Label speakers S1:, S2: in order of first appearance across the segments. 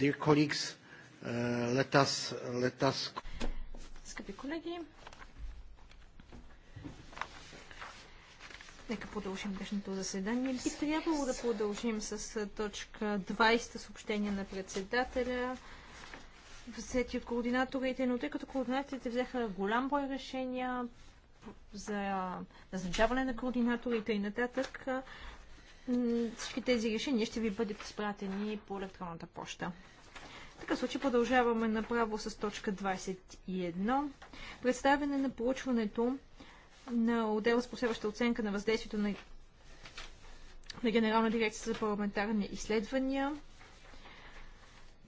S1: Dear colleagues, uh, let us, let us... Скъпи колеги,
S2: нека продължим днешното заседание. Би трябвало да продължим с точка 20 съобщение на председателя взети от координаторите, но тъй като координаторите взеха голям брой решения за назначаване на координаторите и нататък, всички тези решения ще ви бъдат изпратени по електронната почта. В такъв случай продължаваме направо с точка 21. Представяне на проучването на отдел с последваща оценка на въздействието на, на Генерална дирекция за парламентарни изследвания.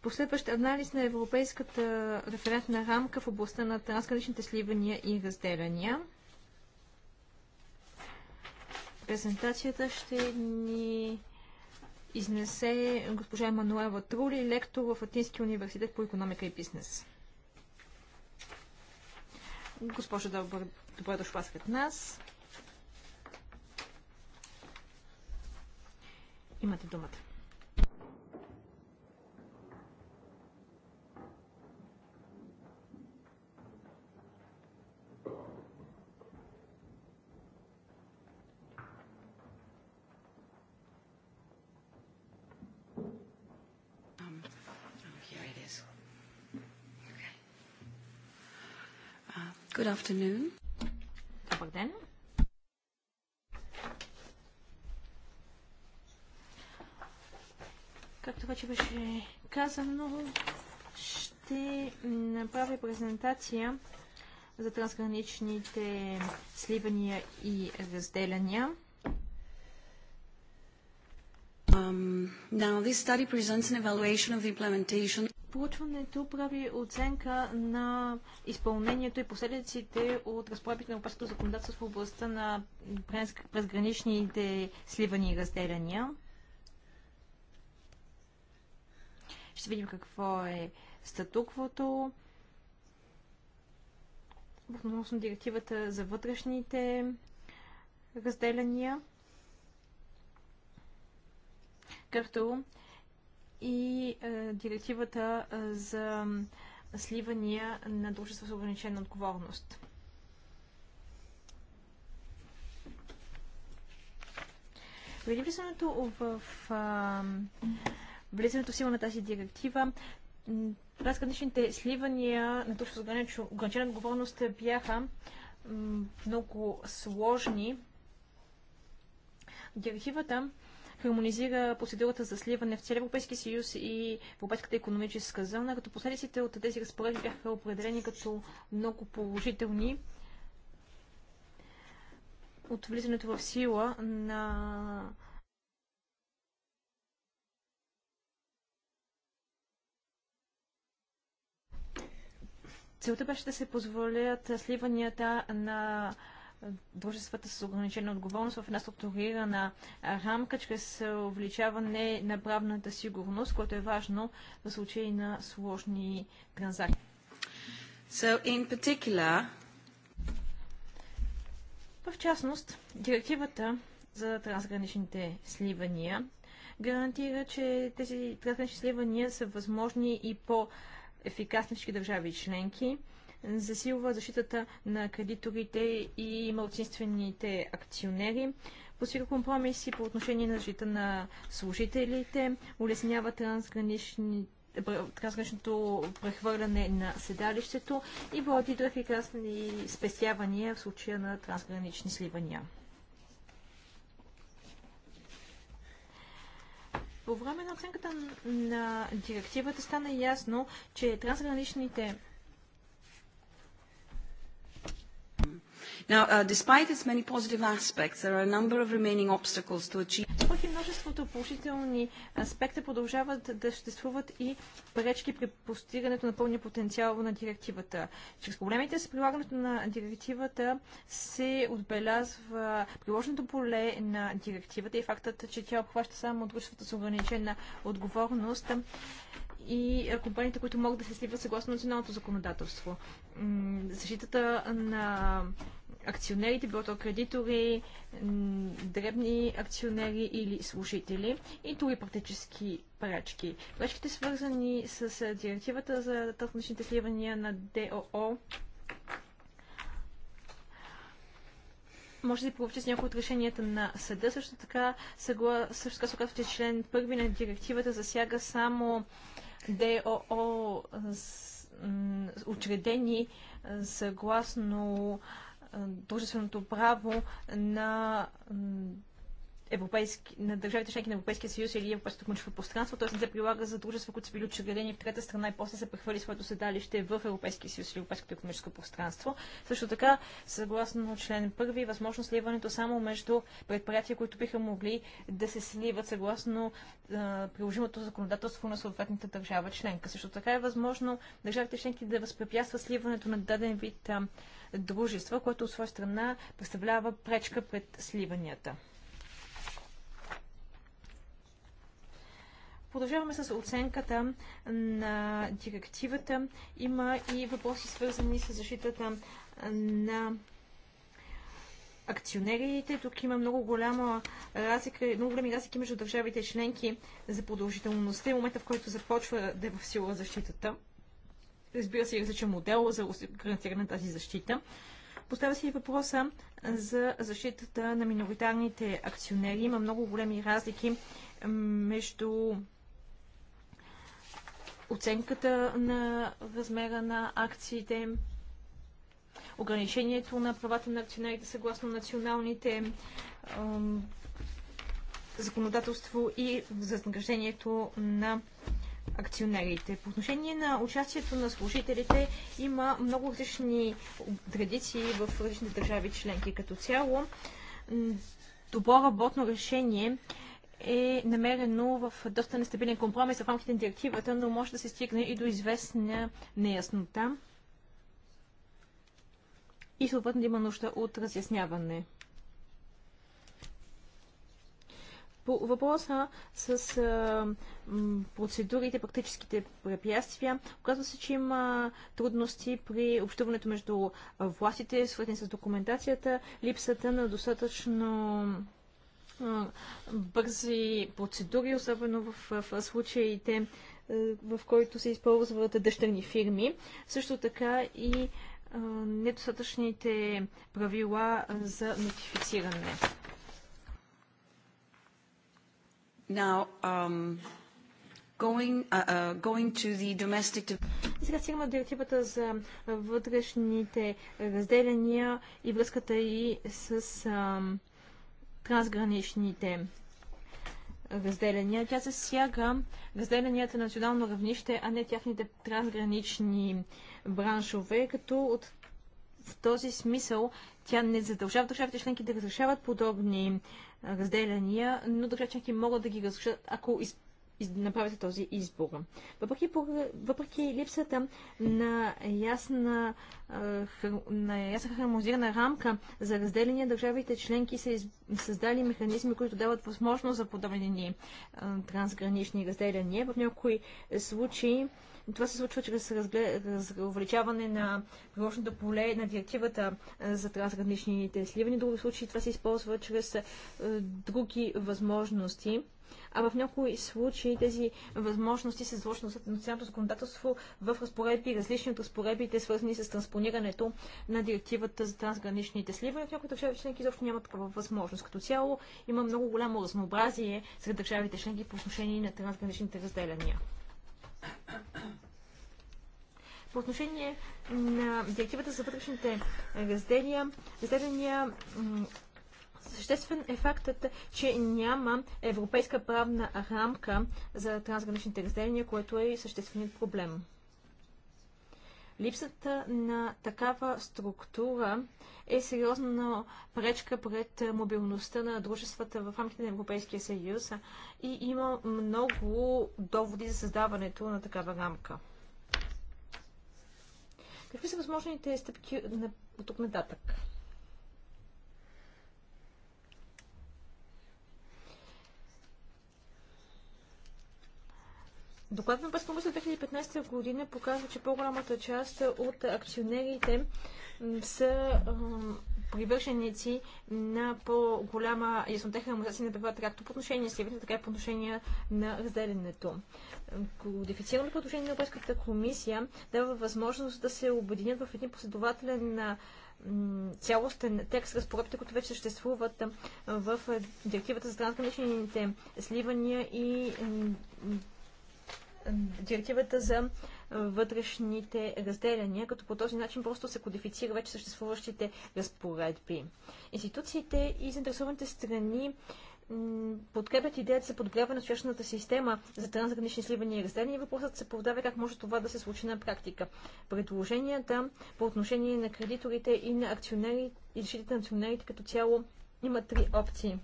S2: Последващ анализ на Европейската референтна рамка в областта на трансграничните сливания и разделяния презентацията ще ни изнесе госпожа Емануела Трули, лектор в Атинския университет по економика и бизнес. Госпожа, добър, добре дошла сред нас. Имате думата. Good afternoon. Добър ден. Както вече беше казано, ще направя презентация за трансграничните сливания и разделяния. Um, now this study presents an evaluation of the implementation Проучването прави оценка на изпълнението и последиците от разпоредбите на европейското законодателство в областта на презграничните сливани и разделяния. Ще видим какво е статуквото относно директивата за вътрешните разделяния, както и е, директивата е, за сливания на дружество с ограничена отговорност. Преди влизането в а, е, влизането в сила на тази директива, разграничните сливания на дружество с ограничена отговорност бяха много сложни. Директивата хармонизира процедурата за сливане в целия Европейски съюз и в Европейската економическа зона, като последиците от тези разпоредби бяха определени като много положителни от влизането в сила на Целта беше да се позволят сливанията на дружествата с ограничена отговорност в една структурирана рамка, чрез увеличаване на правната сигурност, което е важно в случай на сложни транзакции. So in particular... В частност, директивата за трансграничните сливания гарантира, че тези трансгранични сливания са възможни и по ефикасни всички държави и членки, засилва защитата на кредиторите и малцинствените акционери, посилва компромиси по отношение на защита на служителите, улеснява трансграничните трансграничното прехвърляне на седалището и води до ефикасни спестявания в случая на трансгранични сливания. По време на оценката на директивата стана ясно, че трансграничните Now, uh, despite its many positive aspects, there are a number of remaining obstacles to achieve. Въпреки множеството положителни аспекти продължават да съществуват и пречки при постигането на пълния потенциал на директивата. Чрез проблемите с прилагането на директивата се отбелязва приложното поле на директивата и фактът, че тя обхваща само дружествата с ограничена отговорност и компаниите, които могат да се сливат съгласно националното законодателство. Защитата на акционерите, било то кредитори, дребни акционери или служители и други практически пречки. Пречките свързани с директивата за трансграничните сливания на ДОО може да се получи с някои от решенията на съда. Също така, съгла... също така се оказва, че член първи на директивата засяга само ДОО с... учредени съгласно дружественото право на европейски, на държавите членки на Европейския съюз или Европейското економическо пространство, т.е. не се прилага за дружества, които са били учредени в трета страна и после са прехвърли своето седалище в Европейския съюз или Европейското економическо пространство. Също така, съгласно член 1, възможно сливането само между предприятия, които биха могли да се сливат съгласно а, приложимото законодателство на съответната държава членка. Също така е възможно държавите членки да възпрепятстват сливането на даден вид а, дружества, което от своя страна представлява пречка пред сливанията. Продължаваме с оценката на директивата. Има и въпроси свързани с защитата на акционерите. Тук има много голяма разлика, много големи разлики между държавите и членки за продължителността и момента, в който започва да е в сила защитата. Разбира се, различен модел за гарантиране на тази защита. Поставя се и въпроса за защитата на миноритарните акционери. Има много големи разлики между оценката на размера на акциите, ограничението на правата на акционерите съгласно националните законодателство и възнаграждението на акционерите. По отношение на участието на служителите има много различни традиции в различните държави членки. Като цяло, добро работно решение е намерено в доста нестабилен компромис в рамките на директивата, но може да се стигне и до известна неяснота и съответно да има нужда от разясняване. По въпроса с а, процедурите, практическите препятствия, оказва се, че има трудности при общуването между властите, свързани с документацията, липсата на достатъчно бързи процедури, особено в, в, в случаите, е, в които се използват дъщерни фирми. Също така и а, е, недостатъчните правила за нотифициране. Now, um, going, uh, uh, going to the domestic... Сега стигаме директивата за вътрешните разделяния и връзката и с uh, трансграничните разделения. Тя засяга разделенията на национално равнище, а не тяхните трансгранични браншове, като от в този смисъл тя не задължава държавите членки да разрешават подобни разделяния, но държавите членки могат да ги разрешат, ако изпълняват Направите този избор. Въпреки, въпреки липсата на ясна, на ясна хармонизирана рамка за разделение, държавите членки са из... създали механизми, които дават възможност за подобни трансгранични разделяния. В някои случаи това се случва чрез увеличаване на приложното поле на директивата за трансграничните сливани. В други случаи това се използва чрез други възможности а в някои случаи тези възможности се изложени за националното законодателство в разпоредби, различни от разпоредбите, свързани с транспонирането на директивата за трансграничните сливания. В някои държави членки изобщо няма такава възможност. Като цяло има много голямо разнообразие сред държавите членки по отношение на трансграничните разделяния. По отношение на директивата за вътрешните разделия, разделения Съществен е фактът, че няма европейска правна рамка за трансграничните разделения, което е същественият проблем. Липсата на такава структура е сериозна пречка пред мобилността на дружествата в рамките на Европейския съюз и има много доводи за създаването на такава рамка. Какви са възможните стъпки на, от тук нататък? Доклад на Пъстнова за 2015 година показва, че по-голямата част от акционерите са привърженици на по-голяма яснота хармонизация на правилата, както по отношение на сливите, така и по отношение на разделянето. Кодифицираното предложение на Европейската комисия дава възможност да се обединят в един последователен цялостен текст, разпоредбите, които вече съществуват в директивата за трансграничните сливания и директивата за вътрешните разделяния, като по този начин просто се кодифицира вече съществуващите разпоредби. Институциите и заинтересованите страни подкрепят идеята за подобряване на настоящата система за трансгранични сливания и разделения и въпросът се повдава как може това да се случи на практика. Предложенията по отношение на кредиторите и на акционерите и защитите на акционерите като цяло има три опции.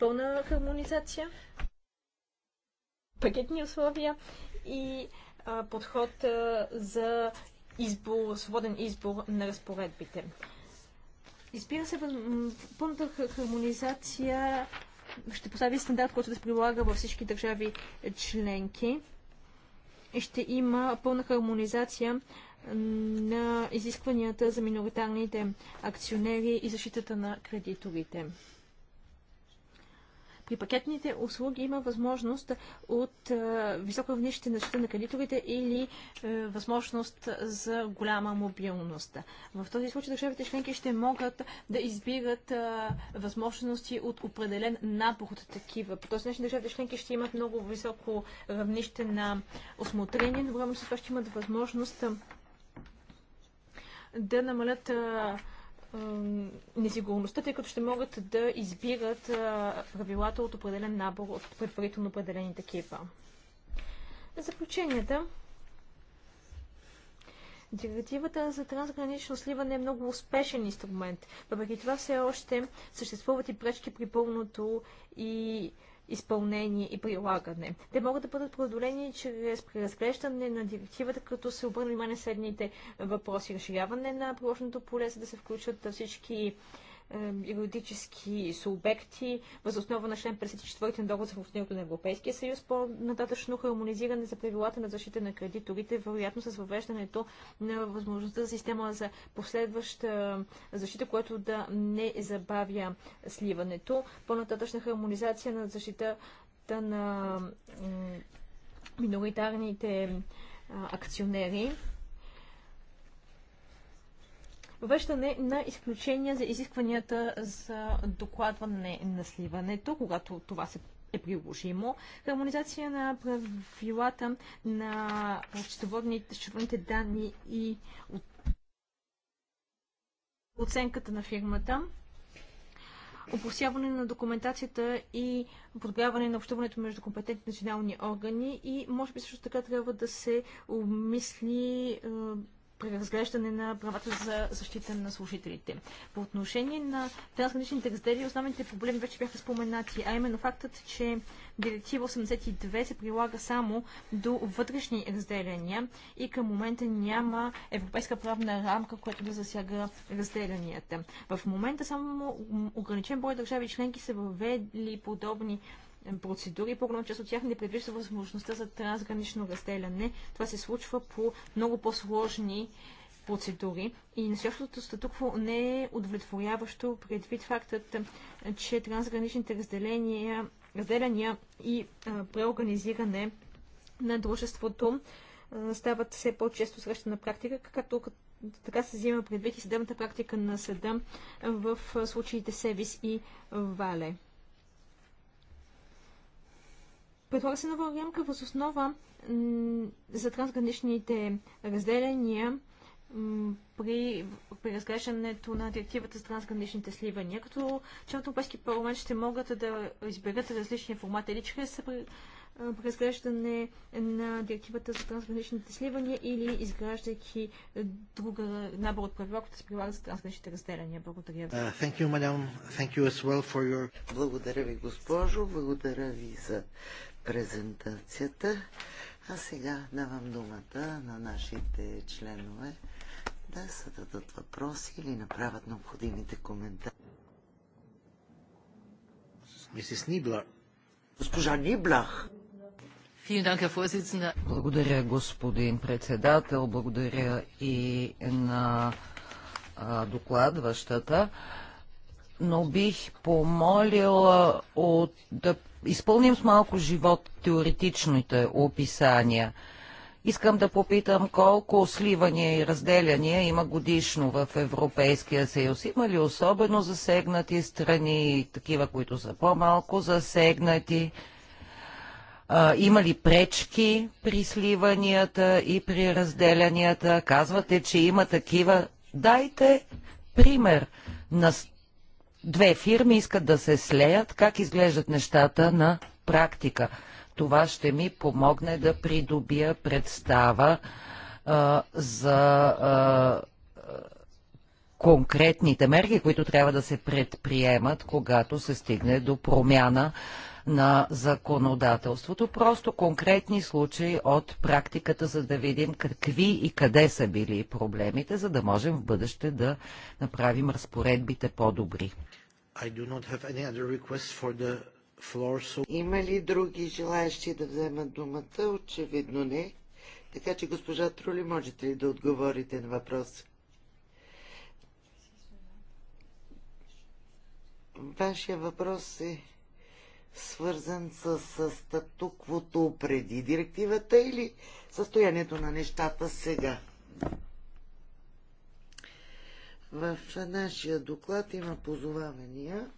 S2: Пълна хармонизация, пакетни условия и а, подход а, за избор, свободен избор на разпоредбите. Избира се, пълната хармонизация ще постави стандарт, който да се прилага във всички държави е, членки. Ще има пълна хармонизация на изискванията за миноритарните акционери и защитата на кредиторите. При пакетните услуги има възможност от е, високо равнище на защита на кредиторите или е, възможност за голяма мобилност. В този случай държавите членки ще могат да избират е, възможности от определен набор от такива. По този начин държавите членки ще имат много високо равнище на осмотрение, но време с това ще имат възможност е, да намалят е, несигурността, тъй като ще могат да избират правилата от определен набор от предварително определени такива. Заключенията. Директивата за трансгранично сливане е много успешен инструмент. Въпреки това все още съществуват и пречки при пълното и изпълнение и прилагане. Те могат да бъдат преодолени чрез преразглеждане на директивата, като се обърне внимание следните въпроси. Разширяване на приложното поле, за да се включат всички юридически субекти въз основа на член 54 на договор за функционирането на Европейския съюз. По-нататъчно хармонизиране за правилата на защита на кредиторите, вероятно с въвеждането на възможността за система за последваща защита, което да не забавя сливането. По-нататъчна хармонизация на защитата на миноритарните акционери въвеждане на изключения за изискванията за докладване на сливането, когато това се е приложимо, хармонизация на правилата на счетоводните данни и оценката на фирмата, опросяване на документацията и подобряване на общуването между компетентни национални органи и може би също така трябва да се обмисли е, преразглеждане на правата за защита на служителите. По отношение на трансграничните раздели, основните проблеми вече бяха споменати, а именно фактът, че Директива 82 се прилага само до вътрешни разделения, и към момента няма европейска правна рамка, която да засяга разделенията. В момента само ограничен брой държави членки са въвели подобни процедури. По-голяма част от тях не предвижда възможността за трансгранично разделяне. Това се случва по много по-сложни процедури и настоящото статукво не е удовлетворяващо предвид фактът, че трансграничните разделения, разделяния и а, преорганизиране на дружеството а, стават все по-често срещана практика, както така се взима предвид и съдебната практика на съда в случаите Севис и Вале. Предлага се нова рамка въз основа за трансграничните разделения при, при разглеждането на директивата за трансграничните сливания, като че Европейския парламент ще могат да изберат различни формати или чрез разглеждане на директивата за трансграничните сливания или изграждайки друга набор от правила, които се прилагат за трансграничните разделяния. Благодаря ви. Uh,
S3: you, you well your... Благодаря ви, госпожо. Благодаря ви за презентацията. А сега давам думата на нашите членове да зададат въпроси или направят необходимите коментари. Мисис Нибла. Госпожа Ниблах.
S4: Благодаря, господин председател. Благодаря и на а, докладващата но бих помолила от, да изпълним с малко живот теоретичните описания. Искам да попитам колко сливания и разделяния има годишно в Европейския съюз. Има ли особено засегнати страни, такива, които са по-малко засегнати? А, има ли пречки при сливанията и при разделянията? Казвате, че има такива. Дайте пример на две фирми искат да се слеят, как изглеждат нещата на практика. Това ще ми помогне да придобия представа а, за а, конкретните мерки, които трябва да се предприемат, когато се стигне до промяна на законодателството. Просто конкретни случаи от практиката, за да видим какви и къде са били проблемите, за да можем в бъдеще да направим разпоредбите по-добри.
S3: Floor, so... Има ли други желаящи да вземат думата? Очевидно не. Така че, госпожа Трули, можете ли да отговорите на въпроса? Вашия въпрос е свързан с, с статуквото преди директивата или състоянието на нещата сега. В нашия доклад има позовавания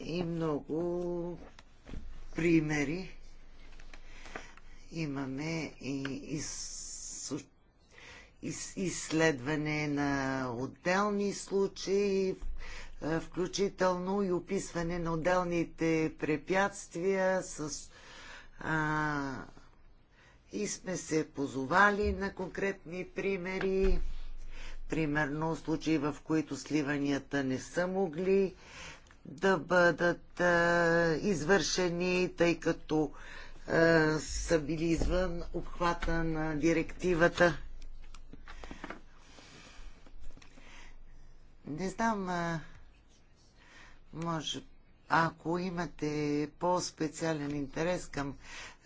S3: и много примери. Имаме и, и изследване на отделни случаи, е, включително и описване на отделните препятствия с а, и сме се позовали на конкретни примери, примерно случаи, в които сливанията не са могли да бъдат а, извършени, тъй като а, са били извън обхвата на директивата. Не знам а, може, ако имате по-специален интерес към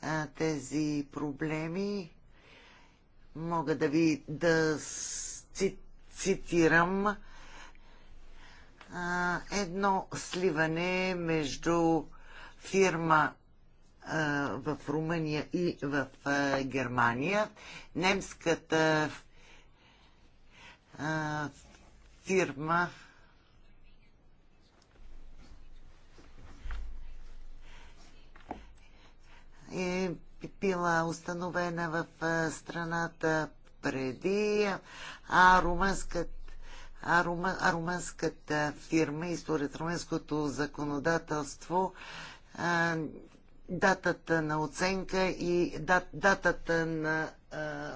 S3: а, тези проблеми, мога да ви да ци, цитирам а, едно сливане между фирма а, в Румъния и в а, Германия. Немската а, фирма е била установена в страната преди, а румънската а, рума, а румънската фирма и според румънското законодателство а, датата на оценка и дат, датата на а,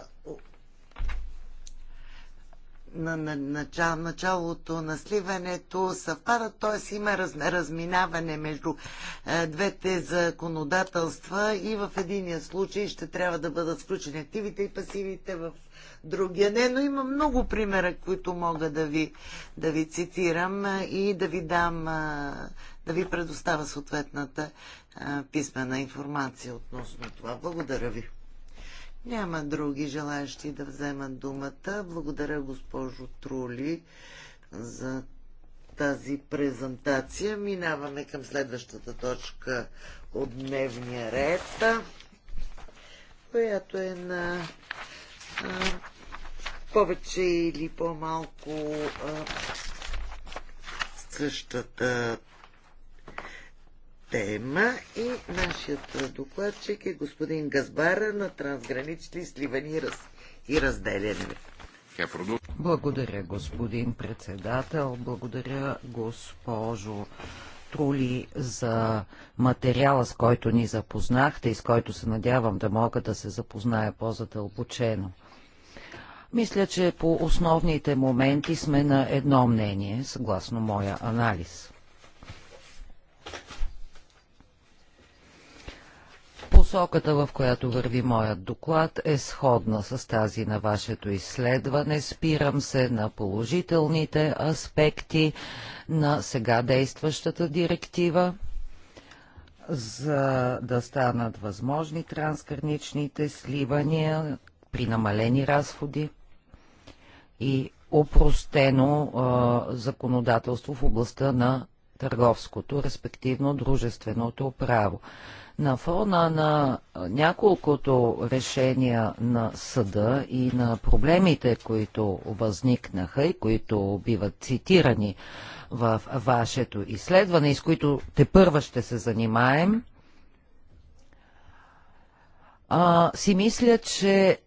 S3: на, на, начало, началото на сливането съвпадат, т.е. има раз, разминаване между е, двете законодателства и в единия случай ще трябва да бъдат включени активите и пасивите в другия не, но има много примера, които мога да ви, да ви цитирам е, и да ви дам, е, да ви предоставя съответната е, писмена информация относно това. Благодаря ви. Няма други желаящи да вземат думата. Благодаря, госпожо Трули, за тази презентация. Минаваме към следващата точка от дневния ред, която е на а, повече или по-малко същата тема и нашият докладчик е господин Газбара на трансгранични сливани и разделяне.
S4: Благодаря, господин председател. Благодаря, госпожо Трули, за материала, с който ни запознахте и с който се надявам да мога да се запозная по-задълбочено. Мисля, че по основните моменти сме на едно мнение, съгласно моя анализ. Посоката, в която върви моят доклад, е сходна с тази на вашето изследване. Спирам се на положителните аспекти на сега действащата директива, за да станат възможни трансграничните сливания при намалени разходи и опростено а, законодателство в областта на търговското, респективно дружественото право. На фона на няколкото решения на съда и на проблемите, които възникнаха и които биват цитирани в вашето изследване и с които те първа ще се занимаем, а, си мисля, че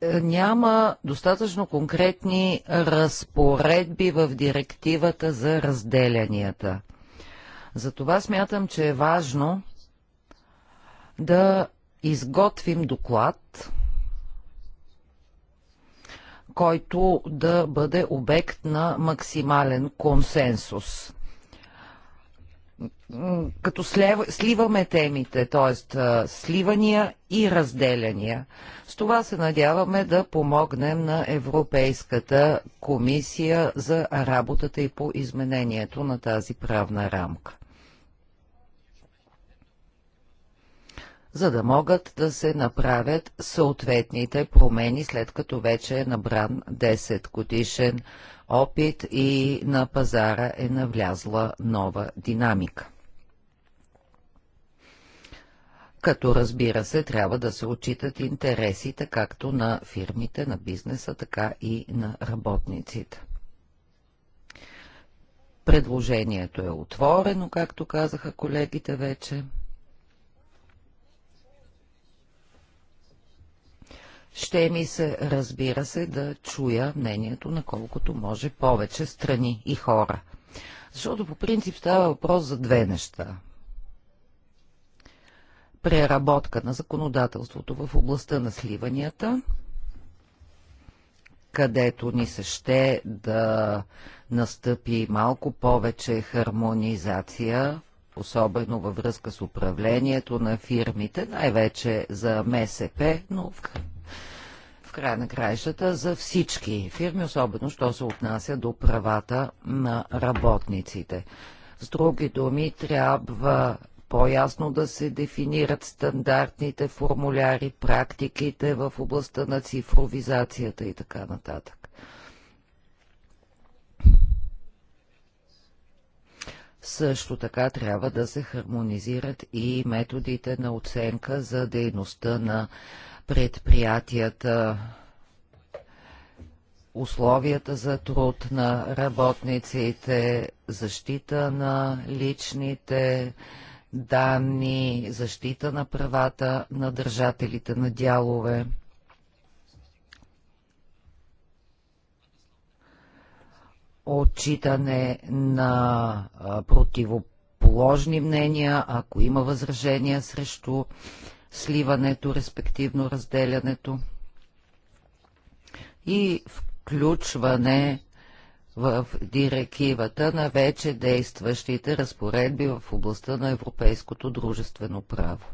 S4: е, няма достатъчно конкретни разпоредби в директивата за разделянията. Затова смятам, че е важно да изготвим доклад, който да бъде обект на максимален консенсус като слев, сливаме темите, т.е. сливания и разделяния. С това се надяваме да помогнем на Европейската комисия за работата и по изменението на тази правна рамка. за да могат да се направят съответните промени, след като вече е набран 10 годишен опит и на пазара е навлязла нова динамика. Като разбира се, трябва да се отчитат интересите както на фирмите, на бизнеса, така и на работниците. Предложението е отворено, както казаха колегите вече. Ще ми се, разбира се, да чуя мнението на колкото може повече страни и хора. Защото по принцип става въпрос за две неща. Преработка на законодателството в областта на сливанията, където ни се ще да настъпи малко повече хармонизация, особено във връзка с управлението на фирмите, най-вече за МСП, но в края на краищата за всички фирми, особено що се отнася до правата на работниците. С други думи, трябва по-ясно да се дефинират стандартните формуляри, практиките в областта на цифровизацията и така нататък. Също така трябва да се хармонизират и методите на оценка за дейността на предприятията, условията за труд на работниците, защита на личните данни, защита на правата на държателите на дялове. Отчитане на противоположни мнения, ако има възражения срещу сливането, респективно разделянето и включване в директивата на вече действащите разпоредби в областта на европейското дружествено право.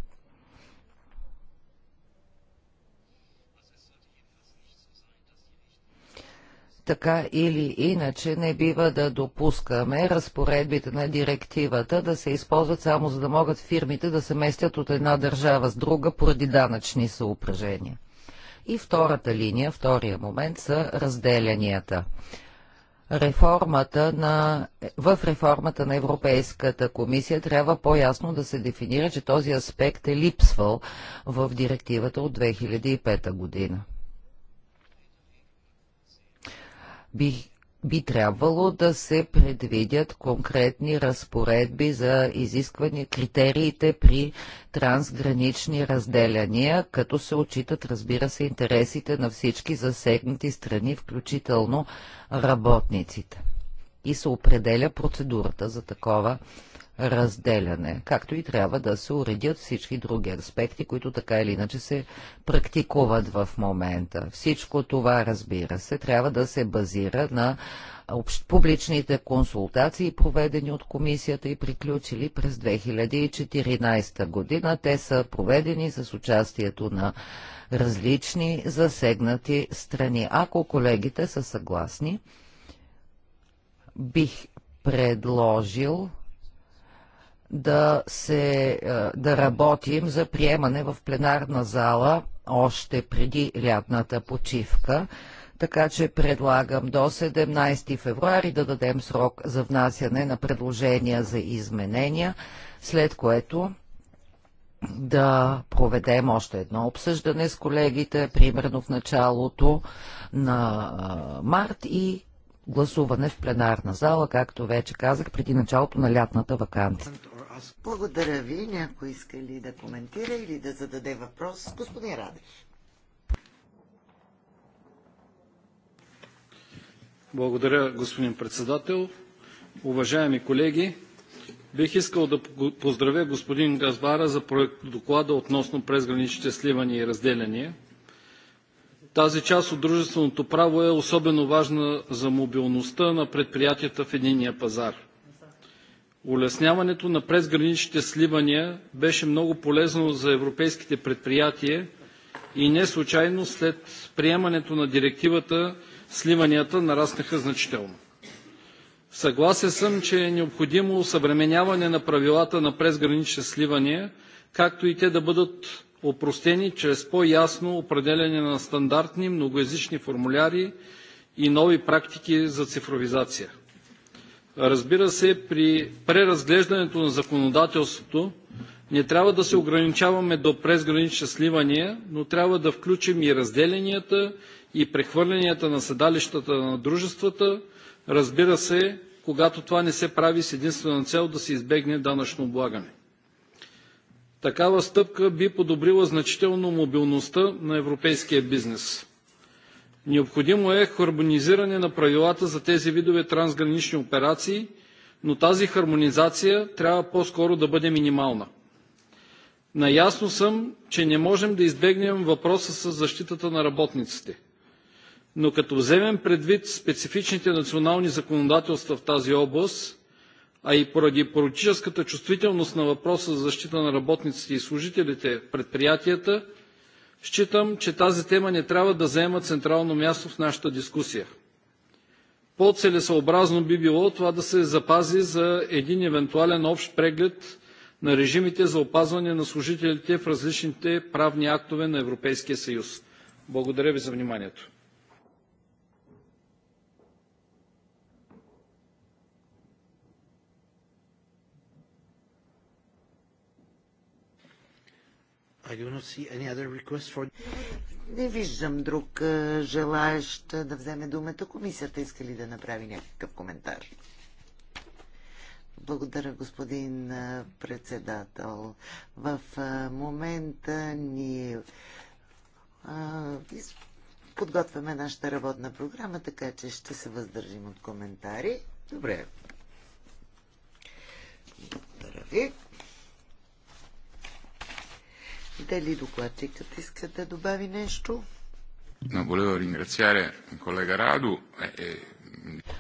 S4: така или иначе не бива да допускаме разпоредбите на директивата да се използват само за да могат фирмите да се местят от една държава с друга поради данъчни съупражения. И втората линия, втория момент са разделянията. Реформата на, в реформата на Европейската комисия трябва по-ясно да се дефинира, че този аспект е липсвал в директивата от 2005 година. би, би трябвало да се предвидят конкретни разпоредби за изискване критериите при трансгранични разделяния, като се отчитат, разбира се, интересите на всички засегнати страни, включително работниците. И се определя процедурата за такова разделяне, както и трябва да се уредят всички други аспекти, които така или иначе се практикуват в момента. Всичко това, разбира се, трябва да се базира на публичните консултации, проведени от комисията и приключили през 2014 година. Те са проведени с участието на различни засегнати страни. Ако колегите са съгласни, бих предложил да, се, е, да работим за приемане в пленарна зала още преди лятната почивка. Така че предлагам до 17 февруари да дадем срок за внасяне на предложения за изменения, след което да проведем още едно обсъждане с колегите, примерно в началото на е, март и гласуване в пленарна зала, както вече казах, преди началото на лятната вакансия.
S3: Благодаря ви. Някой иска ли да коментира или да зададе въпрос? Господин Радев.
S1: Благодаря, господин председател. Уважаеми колеги, бих искал да поздравя господин Газбара за проект доклада относно презграничните сливания и разделяния. Тази част от дружественото право е особено важна за мобилността на предприятията в единния пазар – Улесняването на презграничните сливания беше много полезно за европейските предприятия и неслучайно след приемането на директивата сливанията нараснаха значително. Съгласен съм, че е необходимо съвременяване на правилата на презгранични сливания, както и те да бъдат опростени чрез по-ясно определяне на стандартни многоезични формуляри и нови практики за цифровизация. Разбира се, при преразглеждането на законодателството не трябва да се ограничаваме до презгранични сливания, но трябва да включим и разделенията и прехвърлянията на седалищата на дружествата, разбира се, когато това не се прави с единствена цел да се избегне данъчно облагане. Такава стъпка би подобрила значително мобилността на европейския бизнес. Необходимо е хармонизиране на правилата за тези видове трансгранични операции, но тази хармонизация трябва по-скоро да бъде минимална. Наясно съм, че не можем да избегнем въпроса с защитата на работниците. Но като вземем предвид специфичните национални законодателства в тази област, а и поради политическата чувствителност на въпроса за защита на работниците и служителите в предприятията, Считам, че тази тема не трябва да заема централно място в нашата дискусия. По-целесъобразно би било това да се запази за един евентуален общ преглед на режимите за опазване на служителите в различните правни актове на Европейския съюз. Благодаря ви за вниманието.
S3: For... Не виждам друг е, желаящ да вземе думата. Комисията иска ли да направи някакъв коментар? Благодаря, господин е, председател. В е, момента ние подготвяме нашата работна програма, така че ще се въздържим от коментари. Добре. Благодаря ви. Дали докладчикът иска да добави нещо? ringraziare eh, eh,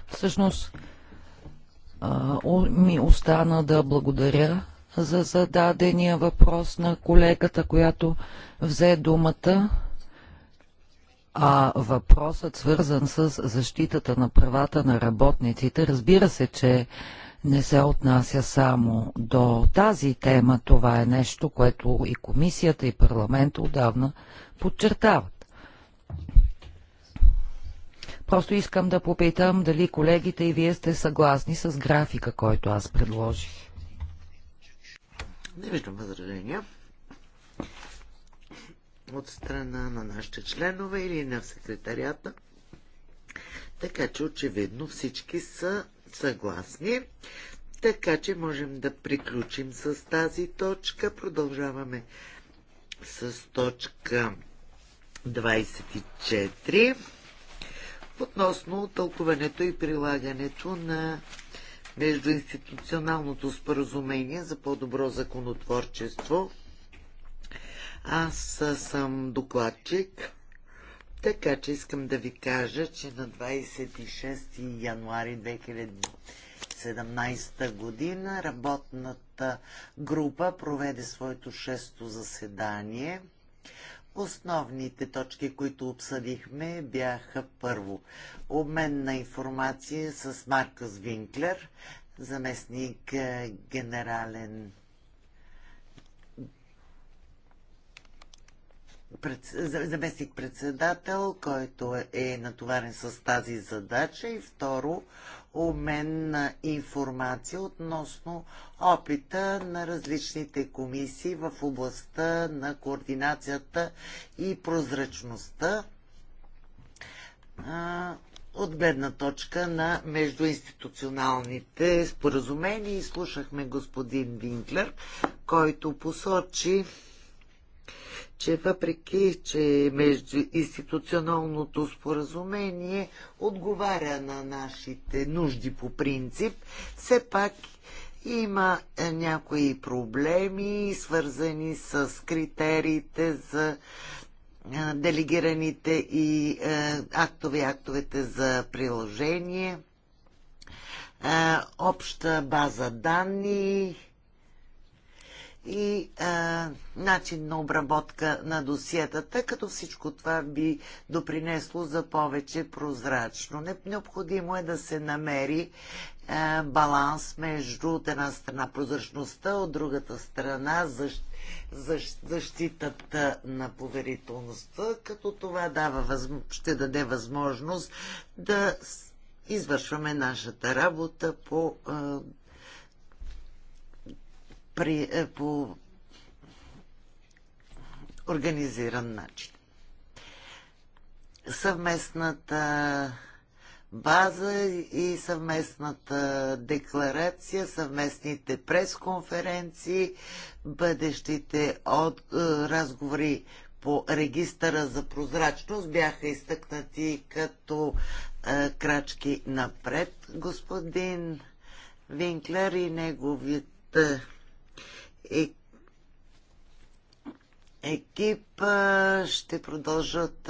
S4: Всъщност, ми остана да благодаря за зададения въпрос на колегата, която взе думата. А въпросът свързан с защитата на правата на работниците, разбира се, че не се отнася само до тази тема. Това е нещо, което и комисията, и парламента отдавна подчертават. Просто искам да попитам дали колегите и вие сте съгласни с графика, който аз предложих.
S3: Не виждам възражения от страна на нашите членове или на секретарията. Така че очевидно всички са съгласни. Така че можем да приключим с тази точка. Продължаваме с точка 24 относно тълкуването и прилагането на междуинституционалното споразумение за по-добро законотворчество. Аз съм докладчик така че искам да ви кажа, че на 26 януари 2017 година работната група проведе своето шесто заседание. Основните точки, които обсъдихме, бяха първо обмен на информация с Маркъс Винклер, заместник е, генерален заместник председател, който е, е натоварен с тази задача и второ обмен на информация относно опита на различните комисии в областта на координацията и прозрачността от гледна точка на междуинституционалните споразумения. слушахме господин Винклер, който посочи че въпреки, че между институционалното споразумение отговаря на нашите нужди по принцип, все пак има е, някои проблеми, свързани с критериите за е, делегираните и е, актове, актовете за приложение, обща база данни, и а, начин на обработка на досиетата, като всичко това би допринесло за повече прозрачно. Необходимо е да се намери а, баланс между от една страна прозрачността, от другата страна защ, защ, защитата на поверителността, като това дава, ще даде възможност да извършваме нашата работа по а, при, е, по организиран начин. Съвместната база и съвместната декларация, съвместните пресконференции, бъдещите от, е, разговори по регистъра за прозрачност бяха изтъкнати като е, крачки напред. Господин Винклер и неговите е, екип ще продължат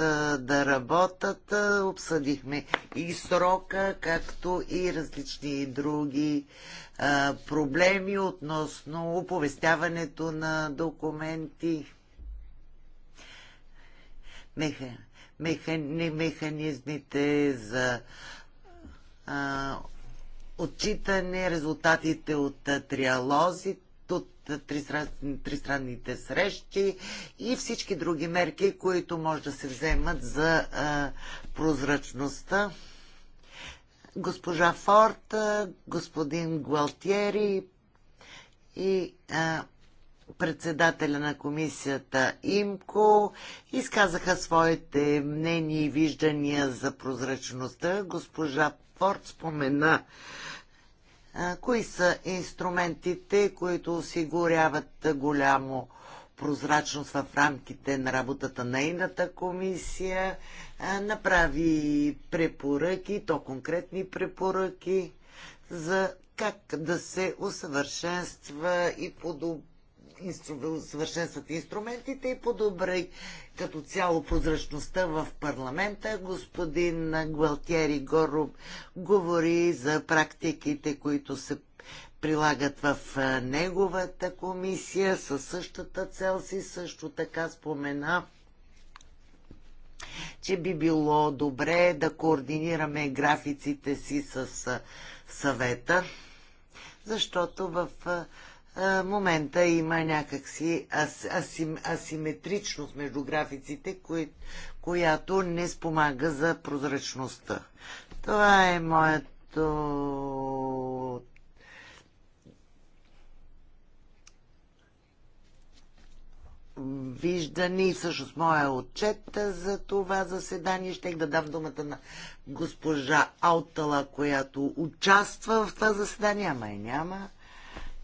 S3: да работят. Обсъдихме и срока, както и различни други проблеми относно оповестяването на документи, меха, механи, механизмите за а, отчитане резултатите от триалозите от тристранните срещи и всички други мерки, които може да се вземат за прозрачността. Госпожа Форд, господин Гуалтиери и председателя на комисията Имко изказаха своите мнения и виждания за прозрачността. Госпожа Форд спомена кои са инструментите, които осигуряват голямо прозрачност в рамките на работата на едната комисия, направи препоръки, то конкретни препоръки за как да се усъвършенства и подобри усъвършенстват инструментите и подобри като цяло прозрачността в парламента. Господин Гвалтери Горуб говори за практиките, които се прилагат в неговата комисия със същата цел си. Също така спомена че би било добре да координираме графиците си с съвета, защото в момента има някакси асим, асиметричност между графиците, кои, която не спомага за прозрачността. Това е моето виждане и всъщност моя отчет за това заседание. Щех да дам думата на госпожа Аутала, която участва в това заседание, ама и няма.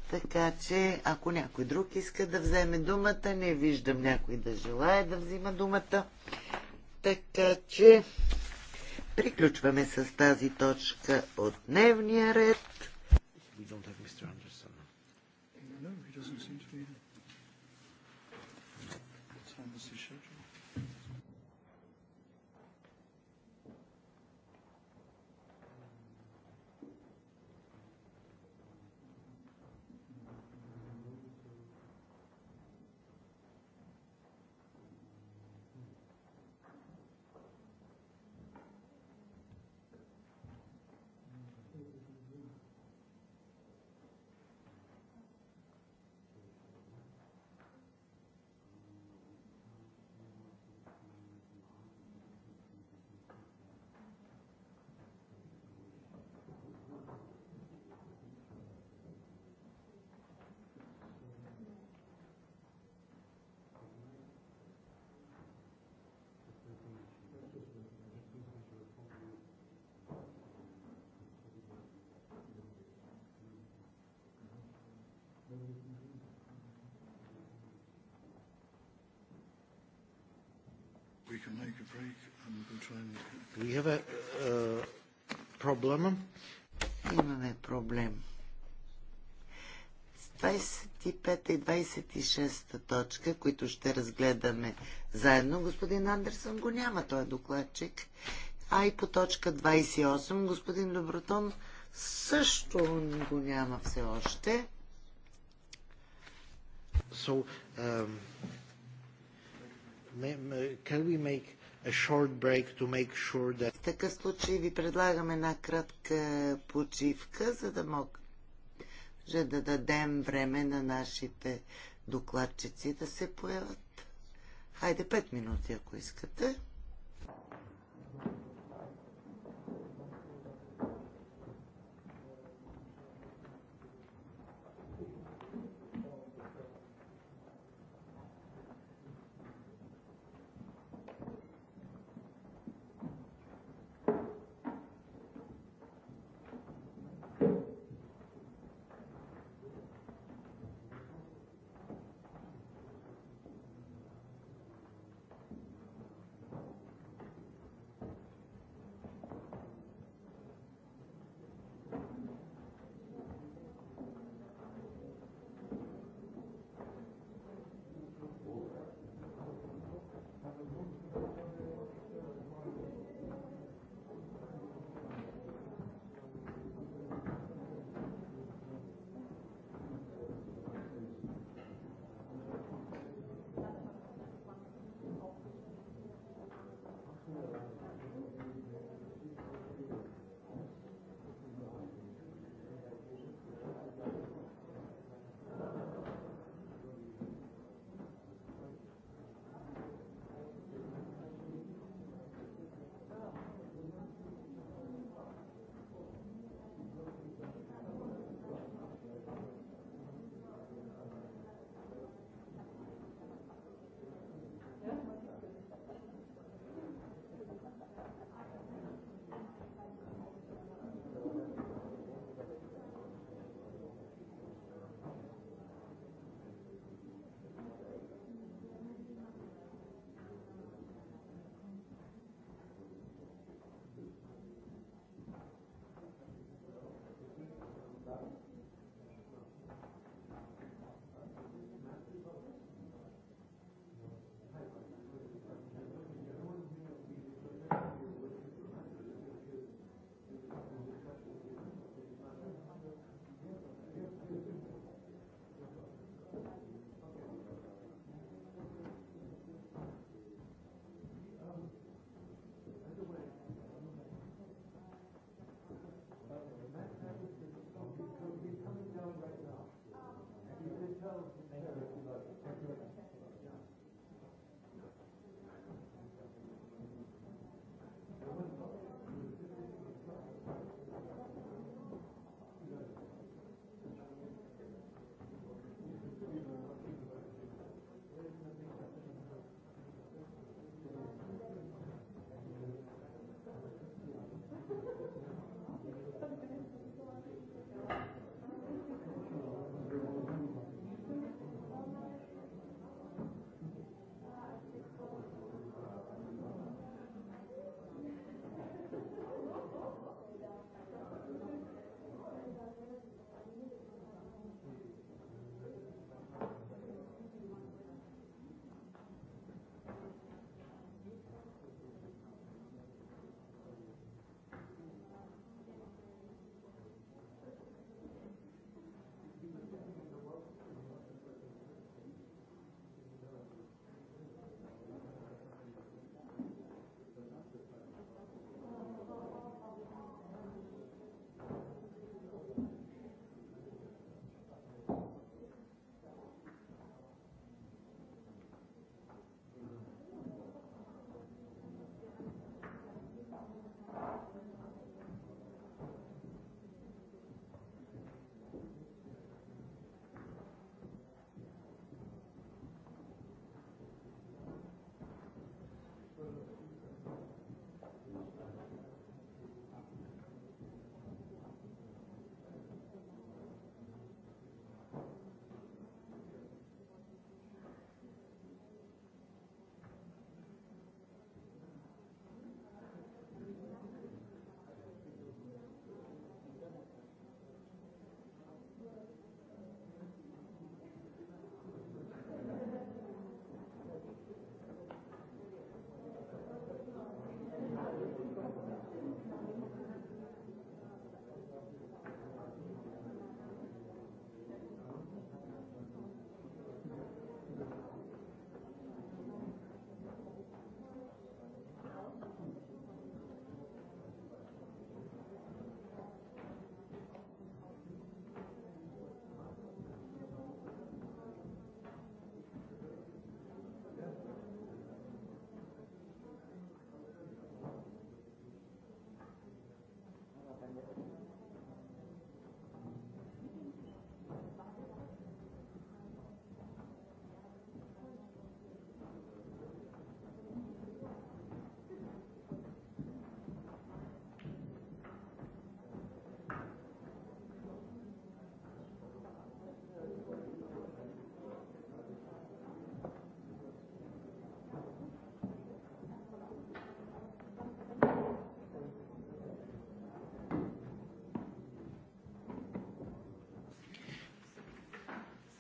S3: Така че, ако някой друг иска да вземе думата, не виждам някой да желая да взима думата. Така че, приключваме с тази точка от дневния ред.
S5: we can make a break and can try and...
S3: We have a uh, problem. Имаме проблем. С 25 и 26 точка, които ще разгледаме заедно, господин Андерсон го няма, той е докладчик. А и по точка 28, господин Добротон също го няма все още. So, um... Can we make a short break to make sure that... В такъв случай ви предлагам една кратка почивка, за да мога може да дадем време на нашите докладчици да се появят. Хайде 5 минути, ако искате.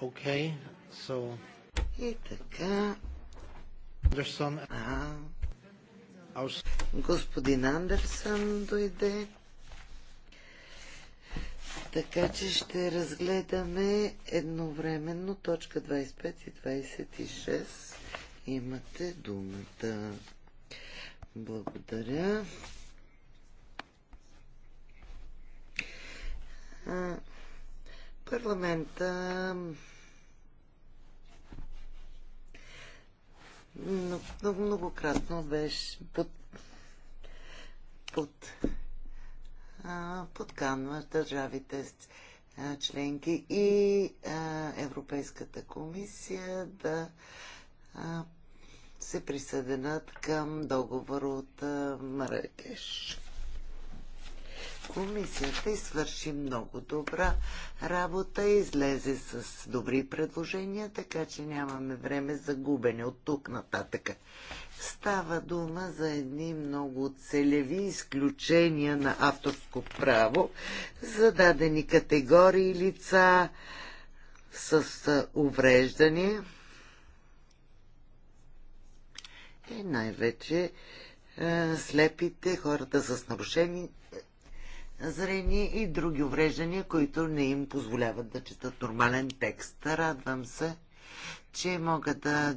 S3: Okay, so... И така... Андерсон... А... Господин Андерсън дойде. Така че ще разгледаме едновременно точка 25 и 26. Имате думата. Благодаря. Парламента много, многократно беше под, под, под подканва държавите членки и а, Европейската комисия да а, се присъединят към договор от Маракеш. Комисията извърши много добра работа, излезе с добри предложения, така че нямаме време за губене от тук нататък. Става дума за едни много целеви изключения на авторско право за дадени категории лица с увреждане. и най-вече слепите, хората с нарушени зрение и други увреждания, които не им позволяват да четат нормален текст. Радвам се, че мога да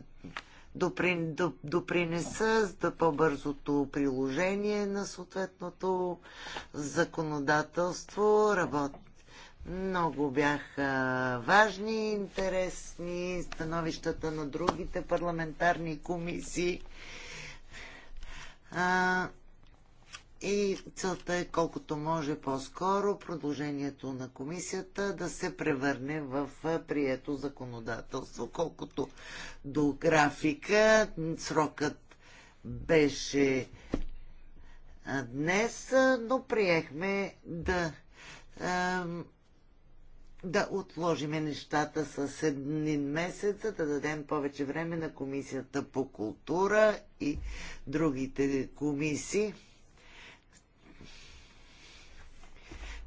S3: допринеса за по-бързото приложение на съответното законодателство. Работ... Много бяха важни, интересни становищата на другите парламентарни комисии. А, и целта е колкото може по-скоро продължението на комисията да се превърне в е, прието законодателство. Колкото до графика, срокът беше е, днес, но приехме да да отложиме нещата с един месец, да дадем повече време на Комисията по култура и другите комисии.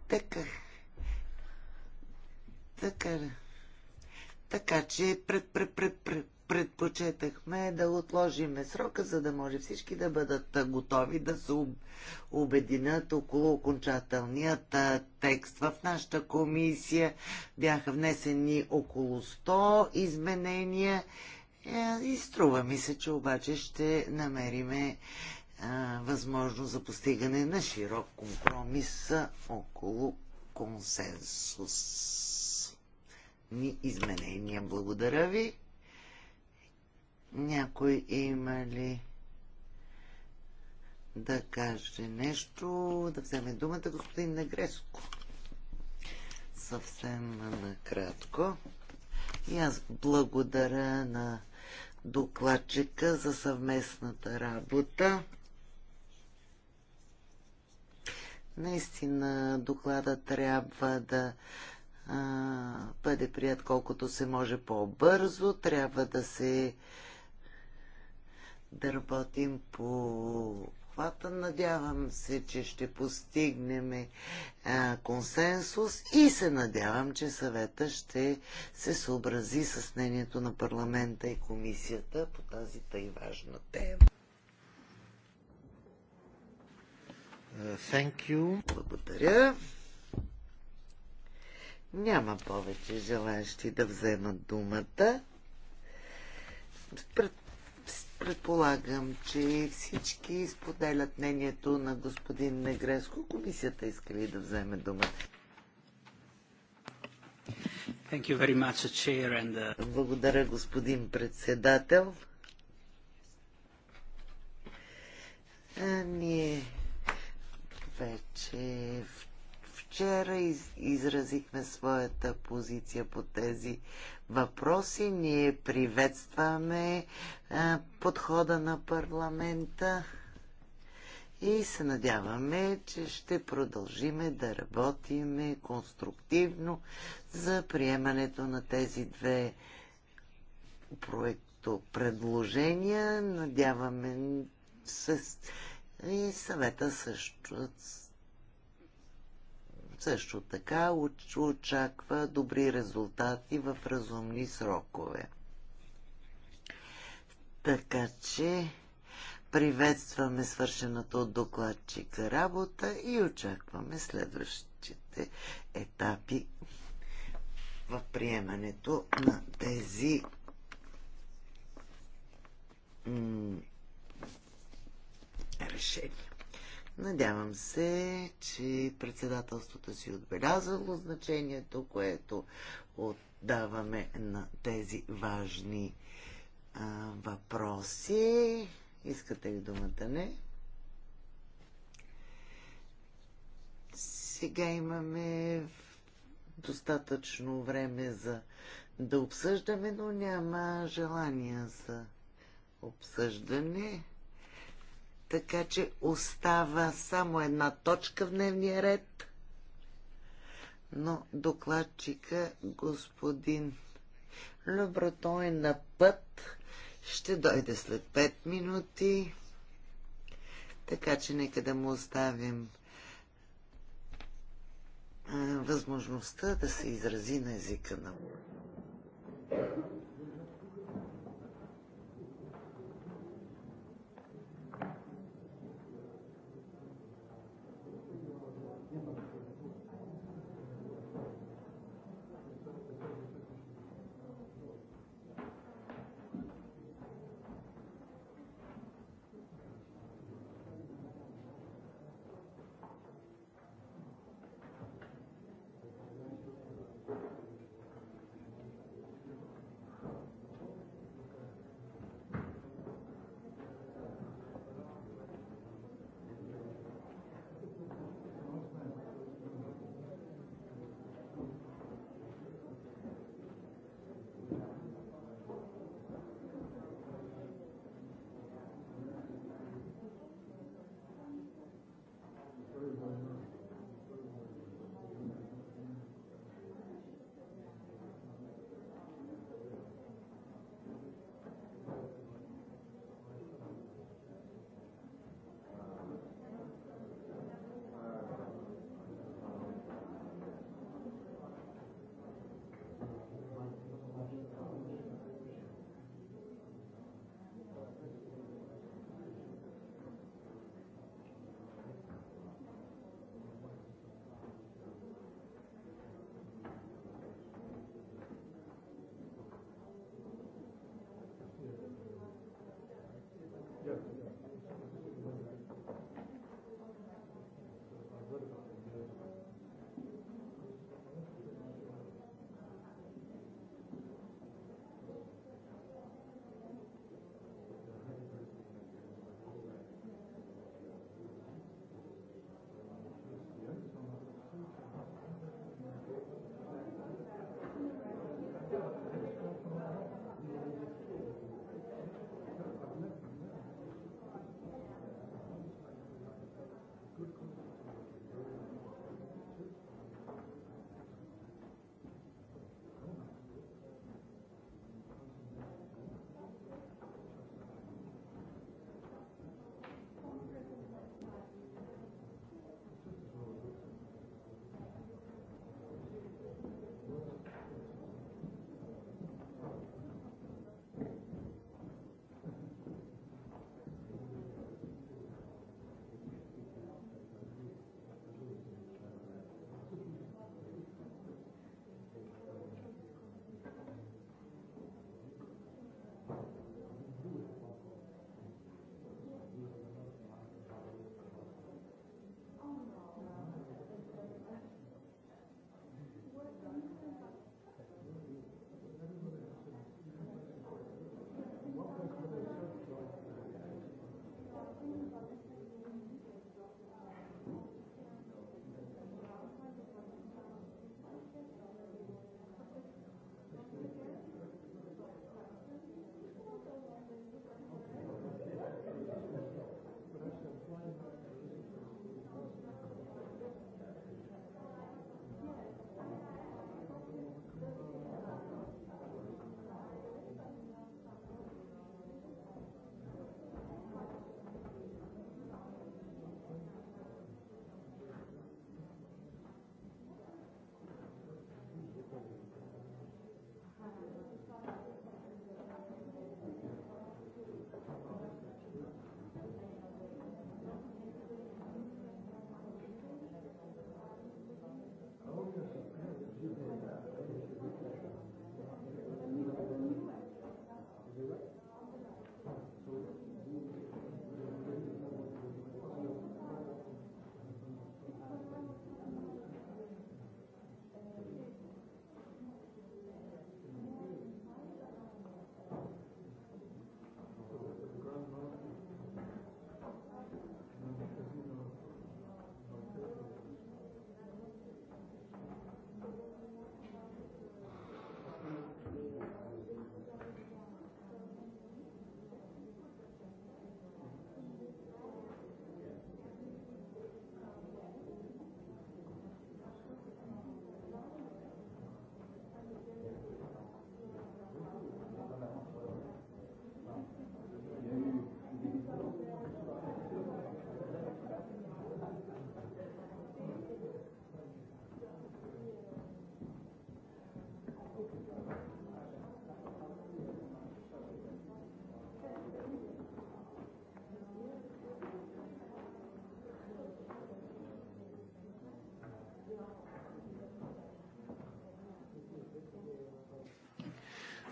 S3: Така. Така. Така че пред, пред, пред, пред, предпочетахме да отложиме срока, за да може всички да бъдат готови да се обединят около окончателният текст. В нашата комисия бяха внесени около 100 изменения е, и струва ми се, че обаче ще намериме възможност за постигане на широк компромис около консенсус. Ни изменения. Благодаря ви. Някой има ли да каже нещо, да вземе думата господин Негреско? Съвсем накратко. И аз благодаря на докладчика за съвместната работа. Наистина доклада трябва да а, бъде прият колкото се може по-бързо. Трябва да се да работим по хвата. Надявам се, че ще постигнем а, консенсус и се надявам, че съвета ще се съобрази с мнението на парламента и комисията по тази тъй важна тема. Thank you. Благодаря. Няма повече желаящи да вземат думата. Пред, предполагам, че всички споделят мнението на господин Негреско. Комисията иска ли да вземе думата? Thank you very much, chair and, uh... Благодаря, господин председател. А, ние вече вчера из, изразихме своята позиция по тези въпроси. Ние приветстваме а, подхода на парламента и се надяваме, че ще продължиме да работиме конструктивно за приемането на тези две проекто предложения. Надяваме се и съвета също също така очаква добри резултати в разумни срокове. Така че приветстваме свършената от докладчика работа и очакваме следващите етапи в приемането на тези решение. Надявам се, че председателството си е отбелязало значението, което отдаваме на тези важни а, въпроси. Искате ли думата? Не. Сега имаме достатъчно време за да обсъждаме, но няма желание за обсъждане. Така че остава само една точка в дневния ред, но докладчика господин Любрато е на път. Ще дойде след 5 минути. Така че нека да му оставим възможността да се изрази на езика на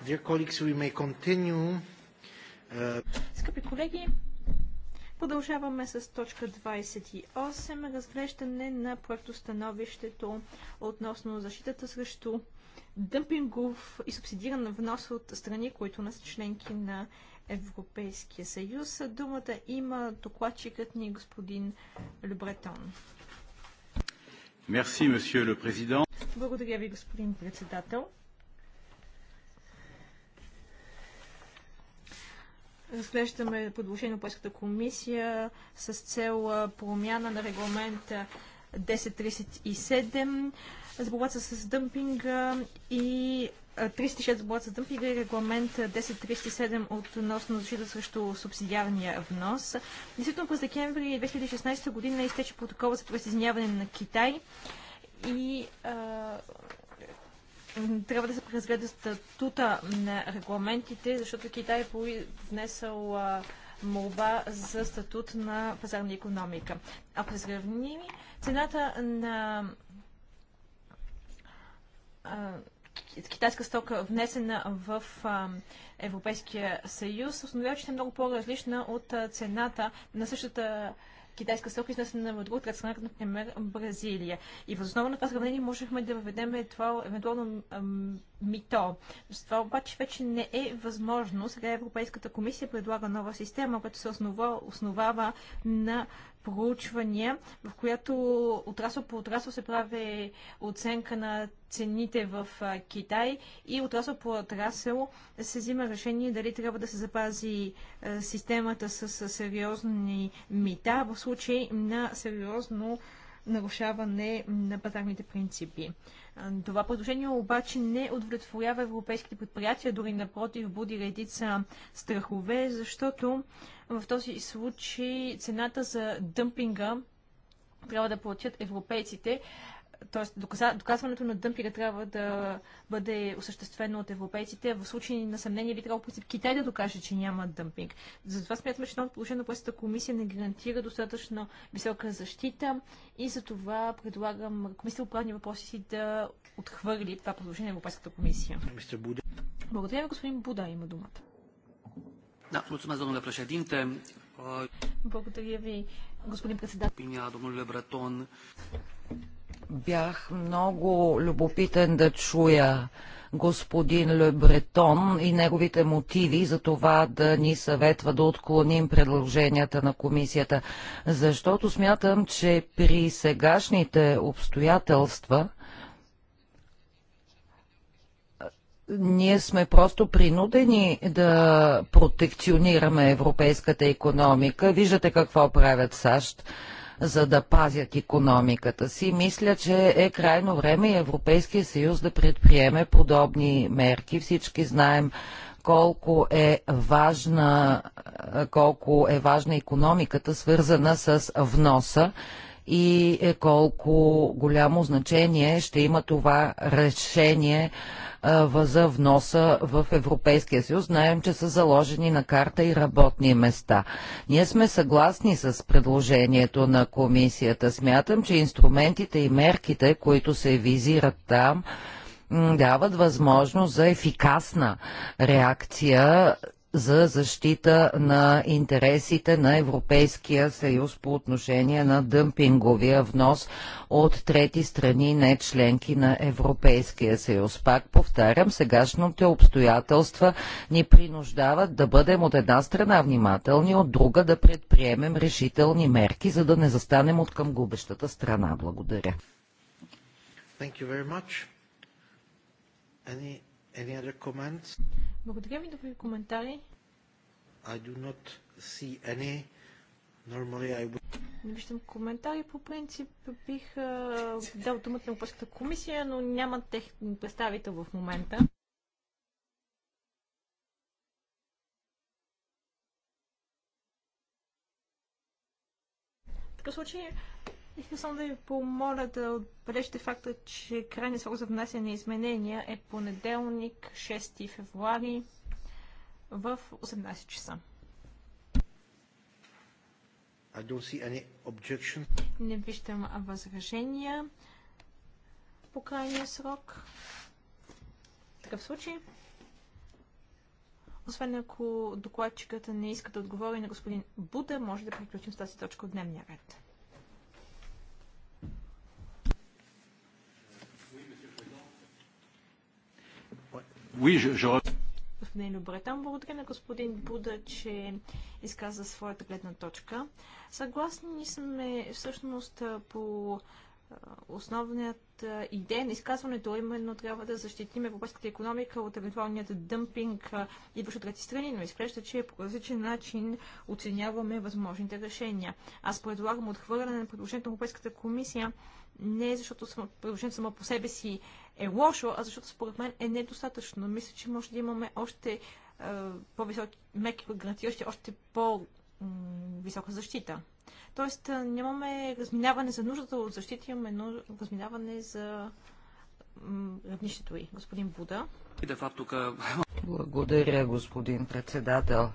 S3: Dear colleagues, we may continue. Uh,
S2: Скъпи колеги, продължаваме с точка 28, разглеждане на проектостановището относно защитата срещу дъмпингов и субсидиран внос от страни, които не са членки на Европейския съюз. Думата има докладчикът ни господин Любретон.
S4: Merci,
S2: Благодаря ви, господин председател. разглеждаме предложение на Польската комисия с цел промяна на регламент 1037 за борбата с дъмпинга и 36 за борбата с дъмпинга и регламент 1037 относно защита срещу субсидиарния внос. Действително през декември 2016 година изтече протокола за присъединяване на Китай и а, трябва да се преразгледа статута на регламентите, защото Китай е внесъл молба за статут на пазарна економика. Ако се сравним, цената на китайска стока, внесена в Европейския съюз, установява, че е много по-различна от цената на същата китайска стока, изнесена в друг страна, например Бразилия. И въз на това сравнение можехме да въведем това евентуално мито. Това обаче вече не е възможно. Сега Европейската комисия предлага нова система, която се основа, основава на проучвания, в която отрасъл по отрасъл се прави оценка на цените в Китай и отрасъл по отрасъл се взима решение дали трябва да се запази системата с сериозни мита в случай на сериозно нарушаване на пазарните принципи. Това предложение обаче не удовлетворява европейските предприятия, дори напротив буди редица страхове, защото в този случай цената за дъмпинга трябва да платят европейците, т.е. доказването на дъмпинга трябва да бъде осъществено от европейците. В случай на съмнение би трябвало принцип Китай да докаже, че няма дъмпинг. Затова смятаме, че новото положение на Пресната комисия не гарантира достатъчно висока защита и за това предлагам комисията по правни въпроси си да отхвърли това предложение на Европейската комисия. Благодаря ви, господин Буда има думата. Да, domnule
S4: președinte.
S2: Благодаря ви, господин председател.
S4: Бях много любопитен да чуя господин Ле Бретон и неговите мотиви за това да ни съветва да отклоним предложенията на комисията. Защото смятам, че при сегашните обстоятелства ние сме просто принудени да протекционираме европейската економика. Виждате какво правят САЩ за да пазят економиката си. Мисля, че е крайно време и Европейския съюз да предприеме подобни мерки. Всички знаем колко е важна, колко е важна економиката, свързана с вноса и е колко голямо значение ще има това решение за вноса в Европейския съюз. Знаем, че са заложени на карта и работни места. Ние сме съгласни с предложението на комисията. Смятам, че инструментите и мерките, които се визират там, дават възможност за ефикасна реакция за защита на интересите на Европейския съюз по отношение на дъмпинговия внос от трети страни, не членки на Европейския съюз. Пак повтарям, сегашните обстоятелства ни принуждават да бъдем от една страна внимателни, от друга да предприемем решителни мерки, за да не застанем от към губещата страна. Благодаря.
S3: Thank you very much. Any
S2: Any other comments? Благодаря ви, добри коментари. I do not see any. Normally I would... Не виждам коментари. По принцип бих дал думата на Европейската комисия, но няма техен представител в момента. В такъв случай Искам само да ви помоля да отбележите факта, че крайният срок за внасяне на изменения е понеделник, 6 февруари в 18 часа. Не виждам възражения по крайния срок. В такъв случай, освен ако докладчиката не иска да отговори на господин Буда, може да приключим с тази точка от дневния ред. Oui, je, je... Господин Любретан, благодаря на господин Буда, че изказа своята гледна точка. Съгласни сме всъщност по основният идея на изказването, именно трябва да защитим европейската економика от евентуалният дъмпинг, идващ от трети страни, но изглежда, че по различен начин оценяваме възможните решения. Аз предлагам отхвърляне на предложението на Европейската комисия не защото предложението само по себе си е лошо, а защото според мен е недостатъчно. Мисля, че може да имаме още е, по-високи, меки гарантиращи още по-висока защита. Тоест е, нямаме разминаване за нуждата от защита, имаме нуж... разминаване за равнището и господин Буда.
S4: И да Благодаря, господин председател.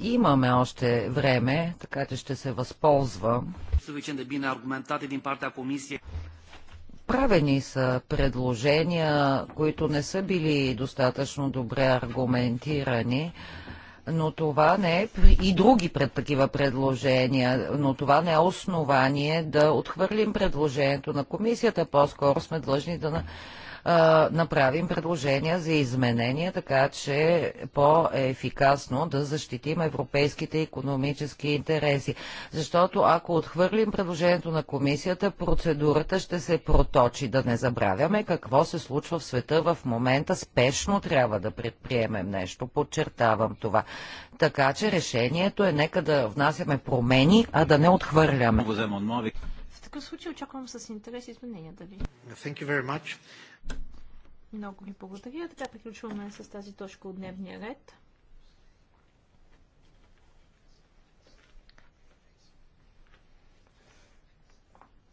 S4: Имаме още време, така че ще се възползвам.
S3: Съвичен да би на argumentate един партия комисия.
S4: Правени са предложения, които не са били достатъчно добре аргументирани, но това не е и други пред такива предложения, но това не е основание да отхвърлим предложението на комисията. По-скоро сме длъжни да направим предложения за изменения, така че по-ефикасно да защитим европейските економически интереси. Защото ако отхвърлим предложението на комисията, процедурата ще се проточи. Да не забравяме какво се случва в света в момента. Спешно трябва да предприемем нещо. Подчертавам това. Така че решението е нека да внасяме промени, а да не отхвърляме.
S2: В такъв случай очаквам с интерес измененията ви. Много ви благодаря. Така приключваме с тази точка от дневния ред.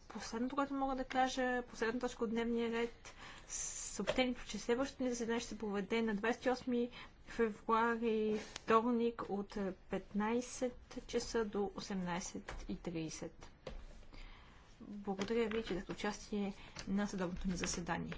S2: Последното, което мога да кажа, последната точка от дневния ред, съобщението, че следващото ни заседание ще се проведе на 28 февруари, вторник от 15 часа до 18.30. Благодаря ви, че дадете участие на съдобното ни заседание.